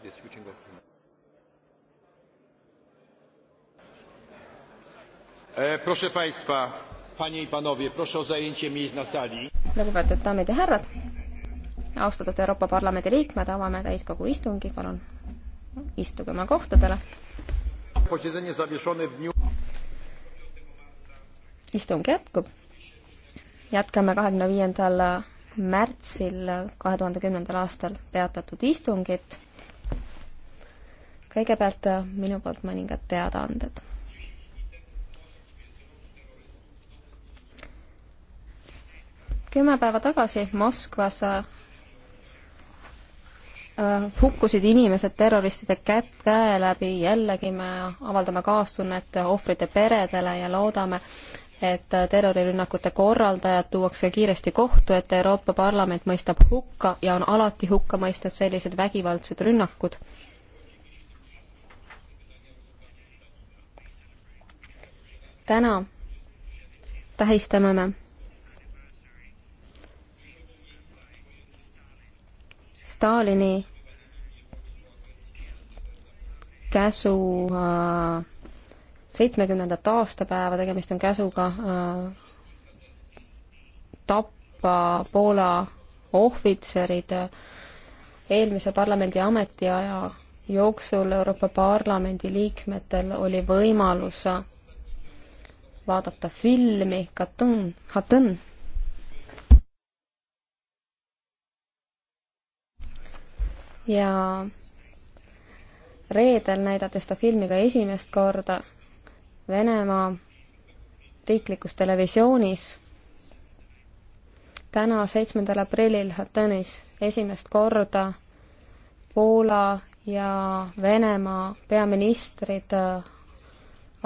to be switching off. Proszę Państwa, Panie i Panowie, proszę o zajęcie miejsc na sali. Lugupeetud daamid ja härrad, austatud Euroopa Parlamendi liikmed, avame täiskogu istungi, palun istuge oma kohtadele. istung jätkub. jätkame kahekümne viiendal märtsil kahe tuhande kümnendal aastal peatatud istungit kõigepealt äh, minu poolt mõningad teadaanded. kümme päeva tagasi Moskvas äh, äh, hukkusid inimesed terroristide kätt käe läbi, jällegi me avaldame kaastunnet ohvrite peredele ja loodame, et terrorirünnakute korraldajad tuuakse kiiresti kohtu ette, Euroopa Parlament mõistab hukka ja on alati hukka mõistnud sellised vägivaldsed rünnakud täna tähistame me Stalini käsu seitsmekümnendat äh, aastapäeva, tegemist on käsuga äh, tappa Poola ohvitserid äh, eelmise parlamendi ametiaja jooksul Euroopa Parlamendi liikmetel oli võimalus vaadata filmi Katõn, Hatõn. ja reedel näidati seda filmi ka esimest korda Venemaa riiklikus televisioonis. täna, seitsmendal aprillil Hatõnis esimest korda Poola ja Venemaa peaministrid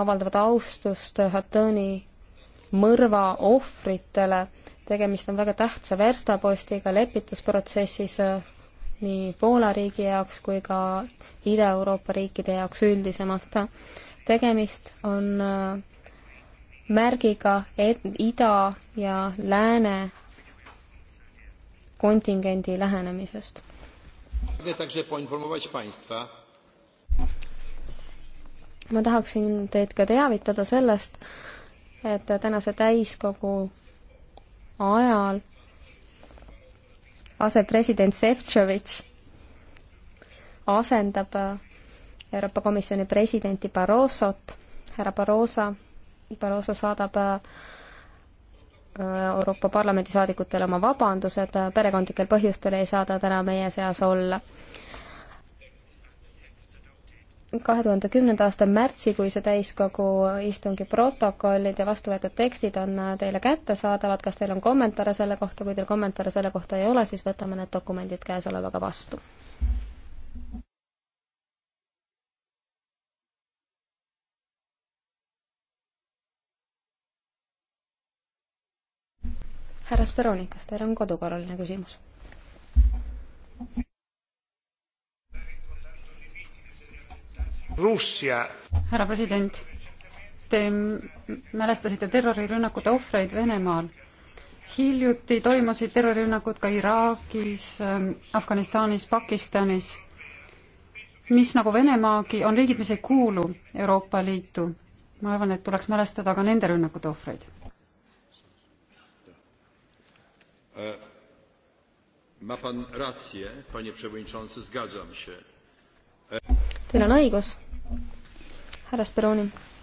avaldavad austust Hatõni mõrva ohvritele. tegemist on väga tähtsa verstapostiga lepitusprotsessis äh, nii Poola riigi jaoks kui ka Ida-Euroopa riikide jaoks üldisemalt. tegemist on äh, märgiga ida ja lääne kontingendi lähenemisest. Pragnę także poinformować Państwa, ma tahaksin teid ka teavitada sellest, et tänase täiskogu ajal asepresident Šefčovitš asendab Euroopa Komisjoni presidenti Barrosot, härra Barroso, Barroso saadab äh, Euroopa Parlamendi saadikutele oma vabandused, perekondlikel põhjustel ei saa ta täna meie seas olla kahe tuhande kümnenda aasta märtsikuise täiskogu istungi protokollid ja vastuvõetud tekstid on äh, teile kättesaadavad, kas teil on kommentaare selle kohta, kui teil kommentaare selle kohta ei ole, siis võtame need dokumendid käesolevaga vastu. härra Speroni, kas teil on kodukorraline küsimus? härra president, te mälestasite terrorirünnakute ohvreid Venemaal. hiljuti toimusid terrorirünnakud ka Iraagis, ähm, Afganistanis, Pakistanis, mis nagu Venemaagi, on riigid, mis ei kuulu Euroopa Liitu. ma arvan, et tuleks mälestada ka nende rünnakute ohvreid. Äh, ma pan rację, panie przewodniczący, zgadzam się. Teil on õigus härra Speroni